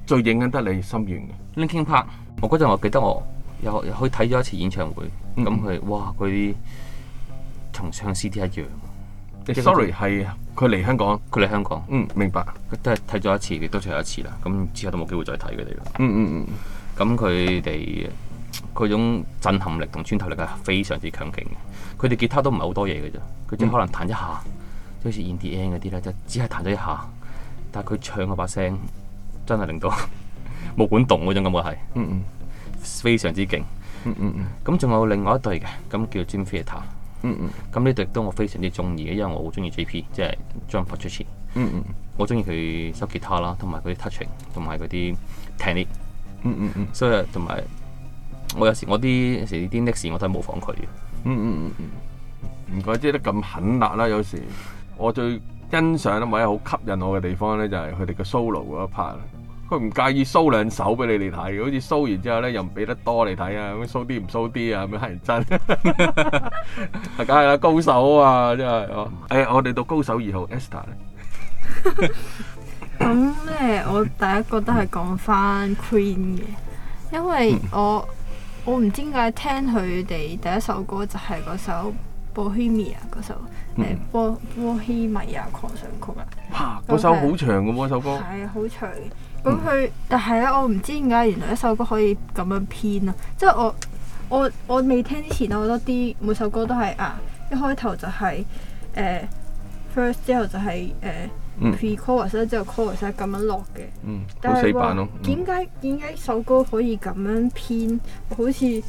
最影響得你心願嘅？Linkin Park，我嗰陣我記得我又去睇咗一次演唱會，咁佢、嗯、哇，啲
同上 CD 一樣。sorry 係佢嚟香港，佢嚟香港。嗯，明白。佢都係睇咗一次，亦都最後一次啦。咁之後都冇機會再睇佢哋。嗯嗯嗯。咁佢哋嗰種震撼力同穿透力係非常之強勁嘅。佢哋吉他都唔係好多嘢嘅啫，佢只可能彈一下，即好似 Andy M 嗰啲咧，就只係彈咗一下。但係佢唱嗰把聲真係令到毛管動嗰種感覺係。嗯嗯。非常之勁。嗯嗯。咁仲有另外一對嘅，咁叫 Dream Theater 嗯嗯，咁呢度都我非常之中意嘅，因為我好中意 J P，即係 John Frusciante。嗯嗯，我中意佢修吉他啦，同埋嗰啲 touching，同埋嗰啲踢裂。嗯嗯嗯，
所以同埋我有時我啲有時啲的事我都係模仿佢嘅。嗯嗯嗯嗯，唔怪之得咁狠辣啦。有時我最欣賞咧，或者好吸引我嘅地方咧，就係佢哋嘅 solo 嗰一 part。佢唔介意 show 兩首俾你哋睇，好似 show 完之後咧又唔俾得多你睇啊，咁 show 啲唔 show 啲啊，咁樣乞人憎，梗係啦高手啊，真係哦！誒，我哋到高手二號 Esther 咧。
咁誒，我第一個都係講翻 Queen 嘅，因為我我唔知點解聽佢哋第一首歌就係嗰首《Bohemian》嗰首誒《波波希米亞狂想曲》啊。哇！嗰首好
長嘅喎，嗰首歌。
係啊，好長。咁佢，嗯、但係咧，我唔知點解，原來一首歌可以咁樣編啊！即、就、係、是、我，我，我未聽之前，我覺得啲每首歌都係啊，一開頭就係、是、誒、呃、First，之後就係、是、誒、呃、pre-chorus，嗯、之後 chorus 咁樣落嘅。嗯，
好死板咯。點
解點解首歌可以咁樣編？嗯、好似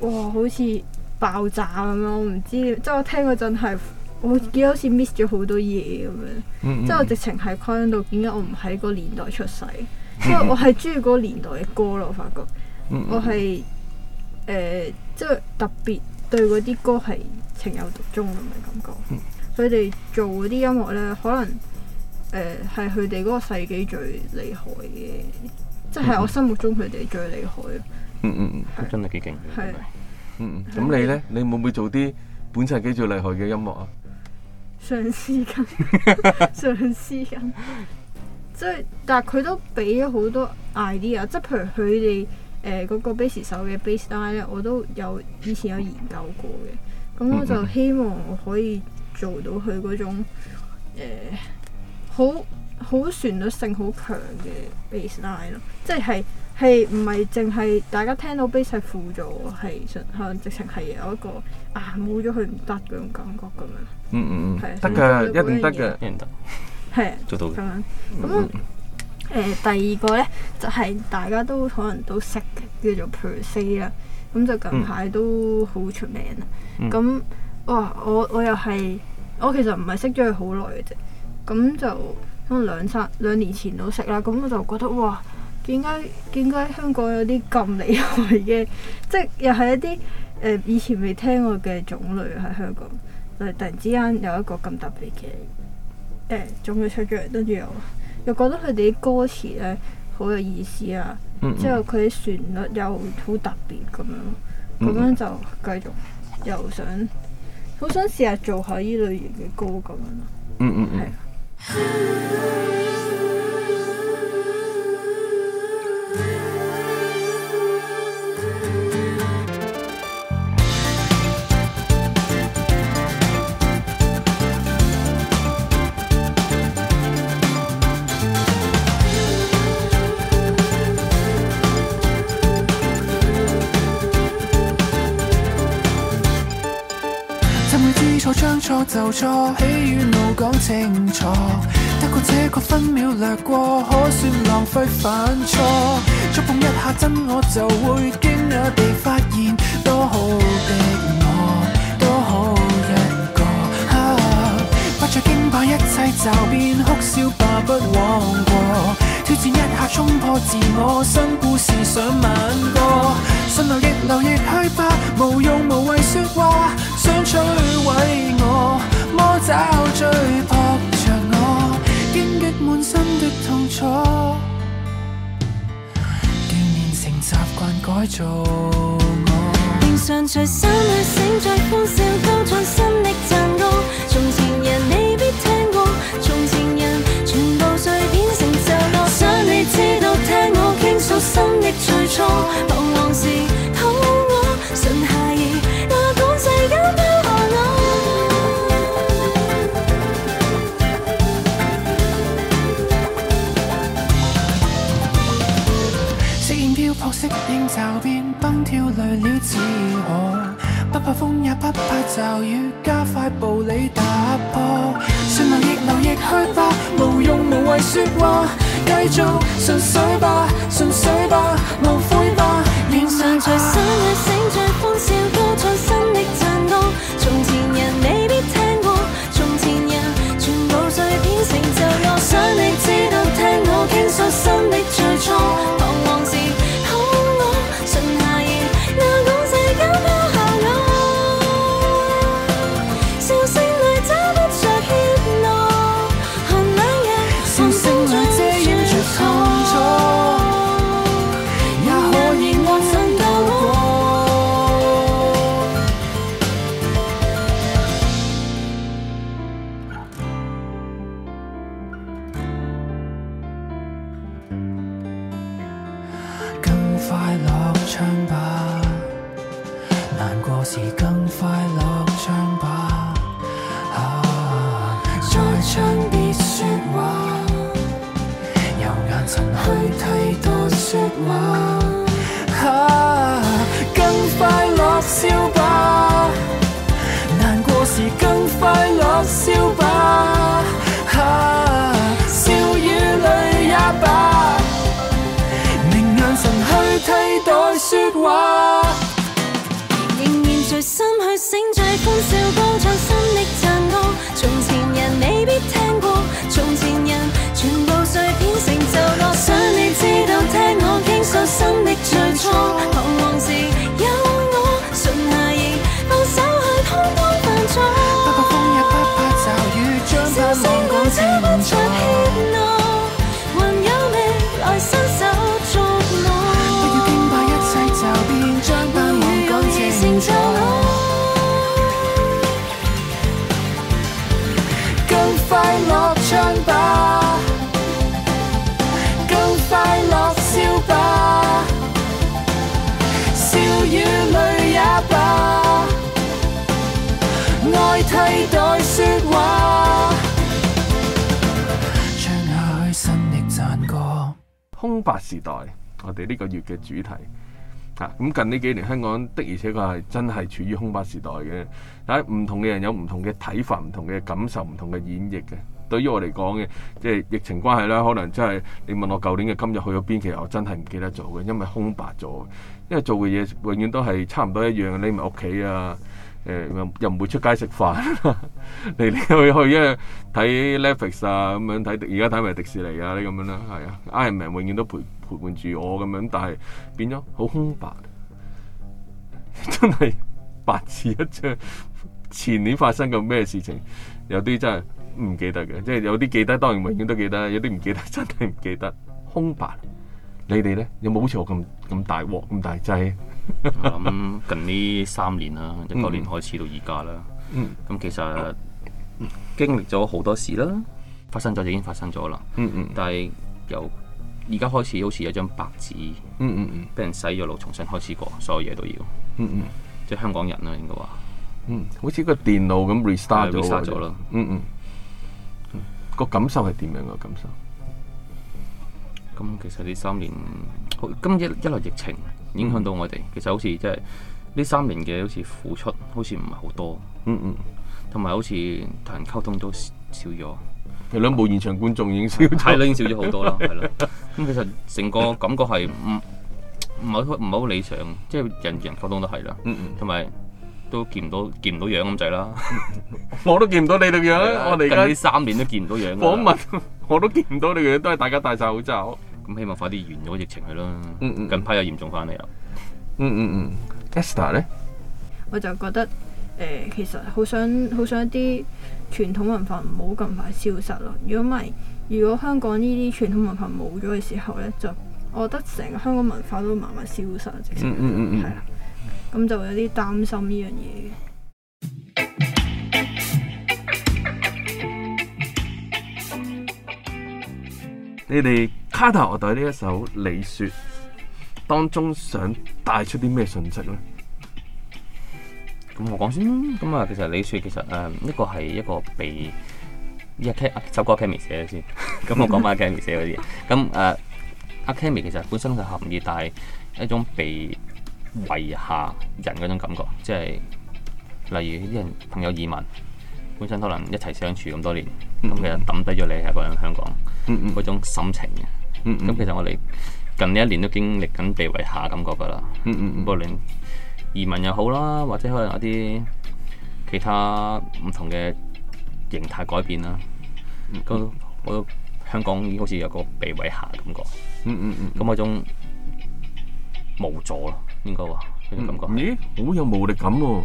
哇，好似爆炸咁樣，我唔知。即、就、係、是、我聽嗰陣真係。我記得好似 miss 咗好多嘢咁樣，嗯嗯，即係我直情喺 count 到點解我唔喺嗰個年代出世，因為我係中意嗰個年代嘅歌咯，我發覺我係誒、呃、即係特別對嗰啲歌係情有獨鍾咁嘅感覺。佢哋、嗯、做嗰啲音樂咧，可能誒係佢哋嗰個世紀最厲害嘅，即係、嗯嗯、我心目中佢哋最厲害。嗯嗯嗯，
是嗯真係幾勁。係。
嗯嗯，咁、嗯、你咧，
你會唔會做啲本世紀最厲害嘅音樂啊？
嘗試緊，嘗試緊，即係但係佢都俾咗好多 idea，即係譬如佢哋誒嗰個 bass 手嘅 bass line 咧，我都有以前有研究過嘅。咁我就希望我可以做到佢嗰種、呃、好好旋律性好強嘅 bass line 咯，即係係唔係淨係大家聽到 bass 輔助係純係直情係有一個啊冇咗佢唔得嗰種感覺咁樣。嗯嗯嗯，得嘅，一定得嘅，一定得。係，做 *laughs* 是到。咁誒、 *music* 呃，第二個咧，就係、是、大家都可能都識嘅，叫做 Perse 啊。咁、嗯、就、嗯、近排都好出名啦。咁、嗯嗯嗯、哇，我我又係，我其實唔係識咗佢好耐嘅啫。咁、嗯嗯、就可能、嗯、兩三兩年前都識啦。咁、嗯、我就覺得哇，點解點解香港有啲咁厲害嘅？即、就、係、是、又係一啲誒、呃、以前未聽過嘅種類喺香港。突然之間有一個咁特別嘅誒總會出咗嚟。跟住又又覺得佢哋啲歌詞咧好有意思啊，嗯嗯之後佢啲旋律又好特別咁樣，咁、嗯嗯、樣就繼續又想好想試下做下呢類型嘅歌咁樣咯。嗯嗯
嗯。欸嗯就錯，喜與怒講清楚。得過且過分秒掠過，可算浪費犯錯。觸碰一下真，我就會驚訝地發現，多好的我，多好一個。不再驚怕一切驟變，哭笑吧不枉過。 *music* 挑戰一刻衝破自我，新故事上萬個。想留亦留亦去吧，無用無謂説話。想摧毀我，魔爪追撲着我，荊棘滿身的痛楚，鍛鍊成習慣改造我。平常隨手。去醒着歡笑，放盡新的讚歌。從前人未必聽過，從前人全部碎片。知道聽我傾訴心的最初彷徨時抱我，唇夏熱哪管世間拋下我，都我。適應漂泊，適應驟變，蹦跳累了，自我不怕風也不怕驟雨，加快步履踏破。算留亦留亦去吧，無用無謂説話。繼續純粹吧，純粹吧，無悔吧。臉上在想你，醒着歡笑，歌唱新的讚歌。從前人未必聽過，從前人全部碎片成就我。想你知道，聽我傾訴新的最初。
空白時代，我哋呢個月嘅主題嚇。咁、啊、近呢幾年香港的而且確係真係處於空白時代嘅。但係唔同嘅人有唔同嘅睇法，唔同嘅感受，唔同嘅演繹嘅。對於我嚟講嘅，即係疫情關係啦，可能真係你問我舊年嘅今日去咗邊，其實我真係唔記得咗嘅，因為空白咗，因為做嘅嘢永遠都係差唔多一樣，匿埋屋企啊。誒、呃、又唔會出街食飯，嚟嚟去去，去啊睇 Netflix 啊咁樣睇，而家睇埋迪士尼啊啲咁樣啦，係啊，Iron Man 永遠都陪陪伴住我咁樣，但係變咗好空白， *laughs* 真係白字一張。前年發生過咩事情，有啲真係唔記得嘅，即、就、係、是、有啲記得，當然永遠都記得；有啲唔記得，真係唔記得，空白。你哋咧有冇好似我咁咁大鑊咁大劑？就是
我諗近呢三年啦，一九年開始到而家啦，咁其實經歷咗好多事啦，發生咗就已經發生咗啦，嗯嗯，但係由而家開始好似有一張白紙，
嗯嗯嗯，
俾人洗咗腦，重新開始過，所有嘢都要，嗯嗯，即係香港人啦，應該話，
嗯，好似個電腦咁 restart 咗咯，嗯嗯，個感受係點樣個
感受？咁其實呢三年，今一一輪疫情。影響到我哋，其實好似即係呢三年嘅好似付出好似唔係好多，嗯嗯，同埋好似同人溝通都少咗，有兩、嗯、和部現場觀眾已經少咗，係啦， *laughs* 已經少咗好多啦，係啦。咁其實成個感覺係唔唔係唔係好理想，即係人人溝通都係啦，同埋都見唔到見唔到樣咁滯啦，
我都見唔到你哋樣，我哋近呢
三年都見唔到樣，我唔我都見唔到你哋樣，都係大家戴晒口罩。咁希望快啲完咗疫情去咯、嗯。嗯嗯，近排又嚴重翻
嚟啦。嗯嗯嗯。Esther 咧，
我就覺得誒、呃，其實好想好想一啲傳統文化唔好咁快消失咯。如果唔係，如果香港呢啲傳統文化冇咗嘅時候咧，就我覺得成個香港文化都慢慢消失。嗯。嗯嗯
嗯嗯。係啦對，
咁、嗯、就會有啲擔心呢樣嘢嘅。
你哋卡塔樂隊呢一首《你說》當中想帶出啲咩訊息咧？咁我講先。咁啊，其
實《你、呃、說》其實誒，呢個係一個被一 k、啊、首歌 Kamy 寫咗先。咁我講翻阿 Kamy 寫嗰啲嘢。咁誒， *laughs* 阿、呃 *laughs* 啊、Kamy 其實本身就含意，但係一種被遺下人嗰種感覺，即係例如啲人朋友、移民本身可能一齊相處咁多年，咁、嗯嗯、其實抌低咗你喺個人香港。 *noise* 嗯嗯，嗰種心情嘅，咁、嗯嗯、其實我哋近呢一年都經歷緊被遺下感覺噶啦，嗯嗯嗯，無論、嗯嗯、移民又好啦、啊，或者可能一啲其他唔同嘅形態改變啦，咁、嗯嗯、我都香港已經好似有個被遺下感覺，嗯嗯嗯，咁嗰種無
助咯、嗯嗯，應該話呢種感覺，咦、嗯嗯嗯，好有無力感喎。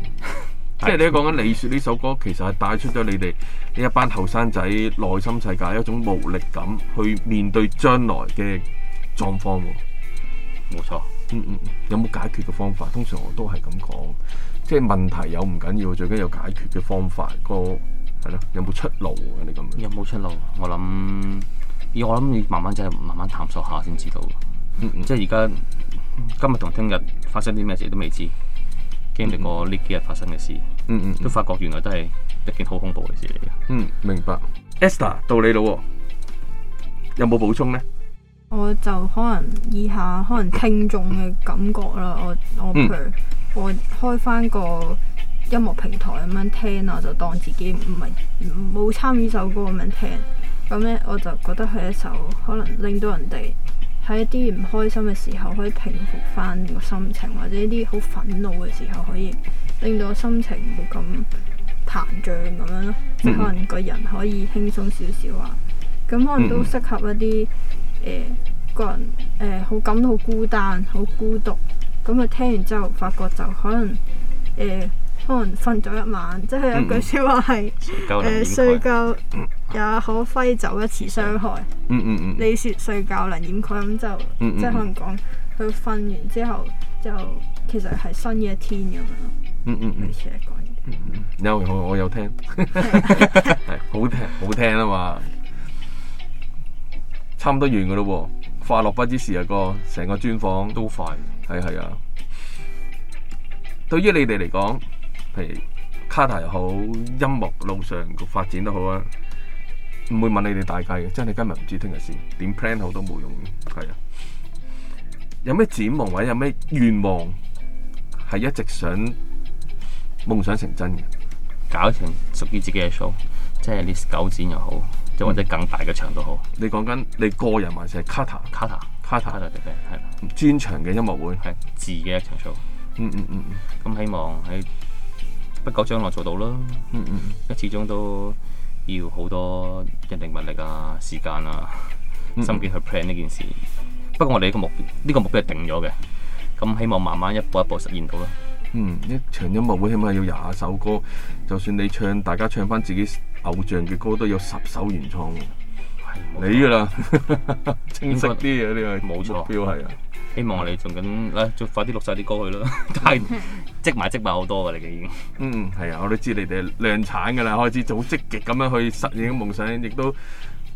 *laughs* 即係你講緊《你說》呢首歌，其實係帶出咗你哋呢一班後生仔內心世界一種無力感，去面對將來嘅狀況。冇錯錯、嗯，嗯嗯，有冇解決嘅方法？通常我都係咁講，即係問題有唔緊要，最緊要有解決嘅方法。個係咯，有冇出路？你咁有冇出路？
我諗，我諗你慢慢真係慢慢探索下先知道。嗯嗯，即係而家今日同聽日發生啲咩事都未知。經歷過呢幾日發生嘅事，嗯，嗯嗯，都發覺原來都係一件好恐怖嘅事嚟
嘅。嗯，明白。Esther 到你啦，有冇補充呢？
我就可能以下可能聽眾嘅感覺啦，我我，譬如我開我開翻個音樂平台咁樣聽啊，就當自己唔係冇參與首歌咁樣聽，咁咧我就覺得係一首可能令到人哋。喺一啲唔開心嘅時候可以平復翻個心情，或者一啲好憤怒嘅時候可以令到心情冇咁膨脹咁樣咯，即、嗯、可能個人可以輕鬆少少啊。咁可能都適合一啲誒、呃、個人誒好、呃、感到好孤單、好孤獨咁啊。聽完之後，發覺就可能誒。呃可能瞓咗一晚，即係有句說話係，誒，睡覺也可揮走一次傷害。嗯嗯嗯，你說睡覺能掩蓋咁就，即係可能講佢瞓完之後，就其實係新嘅一天咁樣咯。嗯嗯
嗯，類似嚟講嘅。有我有聽，好聽好聽啊嘛，差唔多完噶咯喎，快樂不只是日個成個專訪都快，係係啊。對於你哋嚟講。係卡塔又好，音樂路上個發展都好啊。唔會問你哋大家嘅，即係你今日唔知聽日先點 plan 好都冇用。係啊，有咩展望或者有咩願望係一直想夢想成真嘅，
搞成屬於自己嘅 show，即係啲九展又好，又、嗯、或者更大嘅場都好。你講緊你個人還是係卡塔卡塔卡塔嘅嘅係專場嘅音樂會，係自己一場 show，嗯。嗯嗯嗯，咁希望喺。嗯一個將來做到啦，嗯嗯嗯，因始終都要好多人力物力啊、時間啊、嗯、心機去 plan 呢件事。嗯、不過我哋呢個目呢個目標係、這個、定咗嘅，
咁希望慢慢一步一步實現到啦。嗯，一場音樂會起碼要廿首歌，就算你唱，大家唱翻自己偶像嘅歌，都有十首原創嘅，錯你噶啦，錯 *laughs* 清晰啲嘢，你係冇錯，標下嘅。希望你做緊，咧、啊、就快啲錄晒啲歌去咯，但係積埋積埋好多噶你哋已經，嗯係啊，我都知你哋量產噶啦，開始做積極咁樣去實現夢想，亦都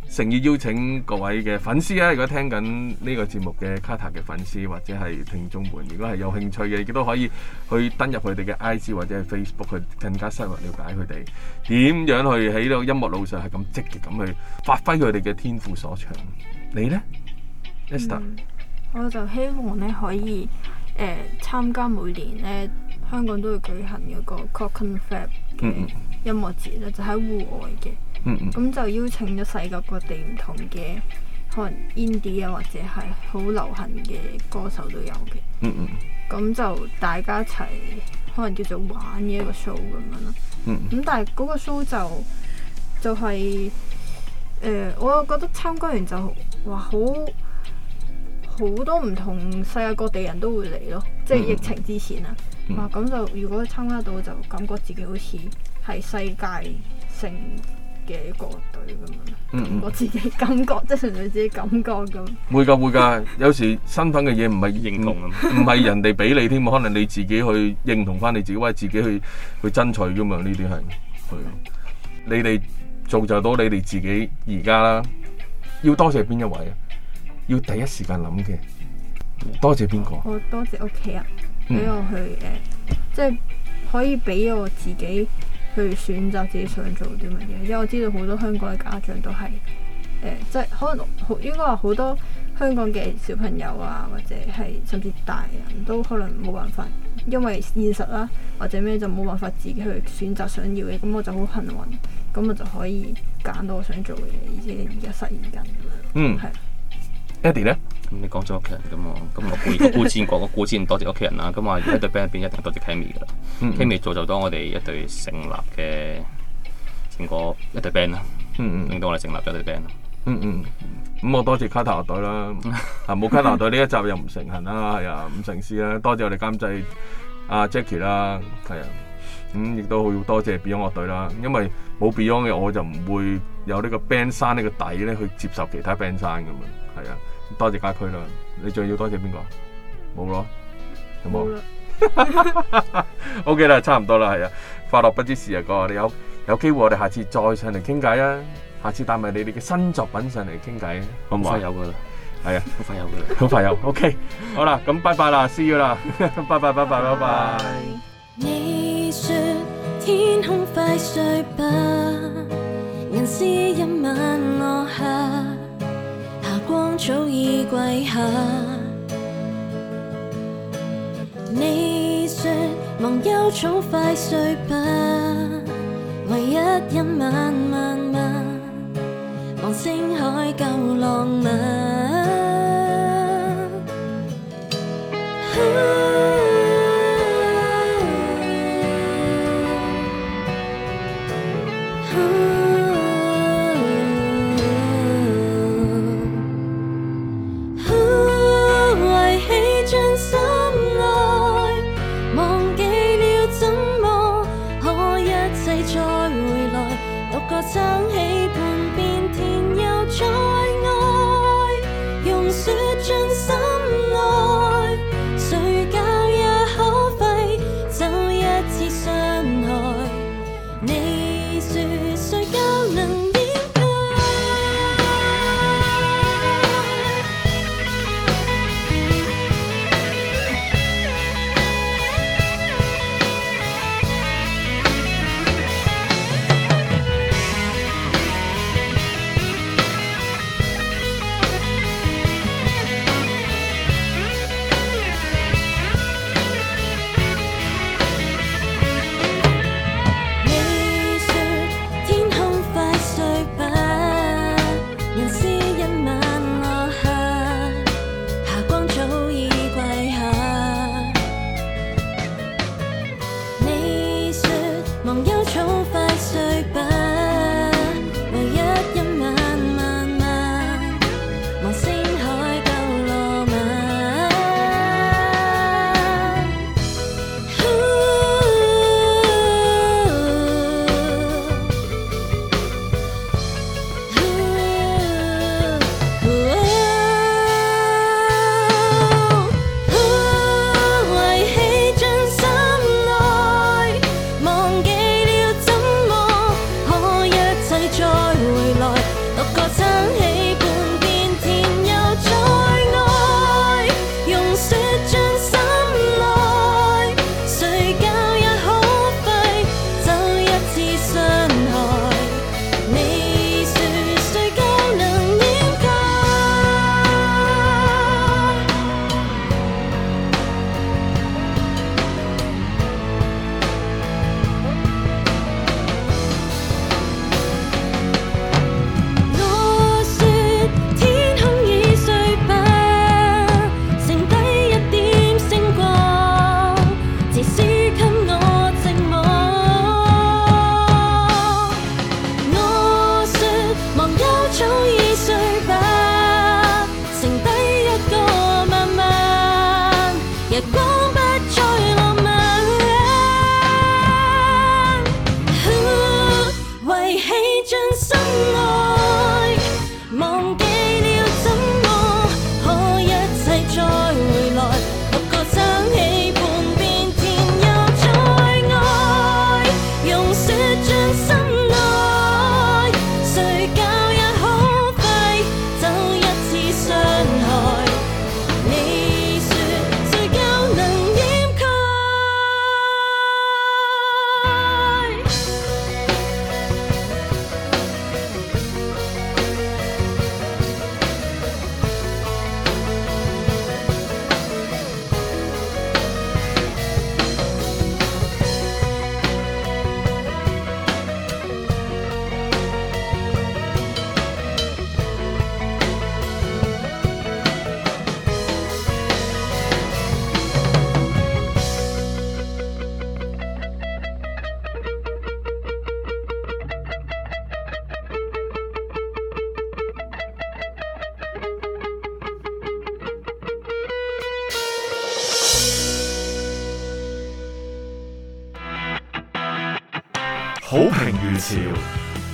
誠意邀請各位嘅粉絲啊，如果聽緊呢個節目嘅卡塔嘅粉絲或者係聽眾們，如果係有興趣嘅，亦都可以去登入佢哋嘅 IG 或者係 Facebook 去更加深入了解佢哋點樣去喺呢個音樂路上係咁積極咁去發揮佢哋嘅天賦所長。你咧，Esther？
我就希望咧可以誒、呃、參加每年咧香港都會舉行嗰個 Clockenflap 嘅音樂節咧，嗯嗯、就喺戶外嘅，咁、嗯嗯、就邀請咗世界各地唔同嘅可能 indie 啊或者係好流行嘅歌手都有嘅，咁、嗯嗯、就大家一齊可能叫做玩嘅一個 show 咁樣咯。咁、嗯嗯、但係嗰個 show 就就係、是、誒、呃，我覺得參加完就哇好～好多唔同世界各地人都會嚟咯，即係疫情之前啊，哇咁、mm hmm. 啊、就如果參加到就感覺自己好似係世界性嘅一個隊咁樣，我、mm hmm. 自己感覺即係你自己感覺咁。
會噶會噶，有時身份嘅嘢唔係認同，唔係、 *laughs* 嗯、人哋俾你添，可能你自己去認同翻你自己，或者自己去去爭取噶嘛，呢啲係係， *laughs* 你哋造就到你哋自己而家啦，要多謝邊一位啊？要第一時間諗嘅，多謝邊個？
我多謝屋企人俾、嗯、我去誒，即、呃、係、就是、可以俾我自己去選擇自己想做啲乜嘢。因為我知道好多香港嘅家長都係誒，即、呃、係、就是、可能好應該話好多香港嘅小朋友啊，或者係甚至大人都可能冇辦法，因為現實啦、啊、或者咩就冇辦法自己去選擇想要嘅。咁我就好幸運，咁我就可以揀到我想做嘅嘢，而且而家實現緊咁樣。嗯，係。
Eddie 咧，咁、嗯、你講咗屋企人嘅嘛？咁我估估先個，我估先多謝屋企人啦。咁話，如果對 band 入邊一定多謝,謝 Kimi 嘅啦。嗯嗯、Kimi 造就咗我哋一隊成立嘅
成個一隊 band 啦。嗯、令到我哋成立咗隊 band。嗯咁、嗯嗯、我多謝卡達樂隊啦。冇卡達樂隊呢一集又唔成行啦，係啊，唔成事啦。多謝我哋監製阿、啊、Jackie 啦，係啊。咁、嗯、亦都好多謝 Beyond 樂隊啦，因為冇 Beyond，嘅我就唔會有呢個 band 山呢個底咧去接受其他 band 山嘅嘛。係啊。多謝家駒啦，你仲要多謝邊個啊？冇咯，有冇？O K 啦，差唔多啦，係啊，快樂不知時日過。你有有機會，我哋下次再上嚟傾偈啊！下次帶埋你哋嘅新作品上嚟傾偈，好唔好啊？快有噶啦，係啊，好快有噶啦，好快有，O K，好啦，咁拜拜啦，C U 啦，拜拜拜拜
拜拜。光早已跪下，你説忘憂草快碎吧，唯一一晚漫漫，望星海夠浪漫。啊啊啊。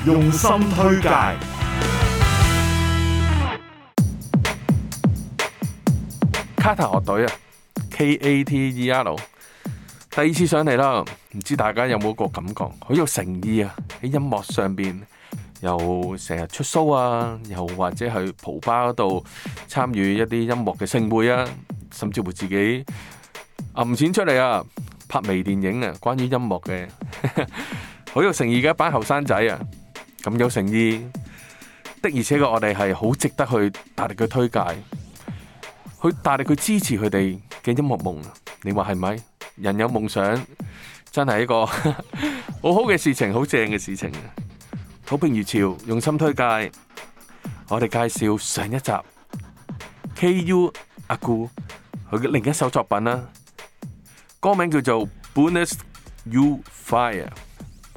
用心推介，卡塔樂隊啊，K A T E R，第二次上嚟啦，唔知大家有冇個感覺，好有誠意啊！喺音樂上邊又成日出 show 啊，又或者去蒲巴嗰度參與一啲音樂嘅盛會啊，甚至乎自己揞錢出嚟啊，拍微電影啊，關於音樂嘅。好有誠意嘅一班後生仔啊！咁有誠意的而且確，我哋係好值得去大力去推介，去大力去支持佢哋嘅音樂夢。你話係咪？人有夢想，真係一個好好嘅事情，好正嘅事情啊！好評如潮，用心推介，我哋介紹上一集 KU 阿姑佢嘅另一首作品啦，歌名叫做《Bonus You Fire》。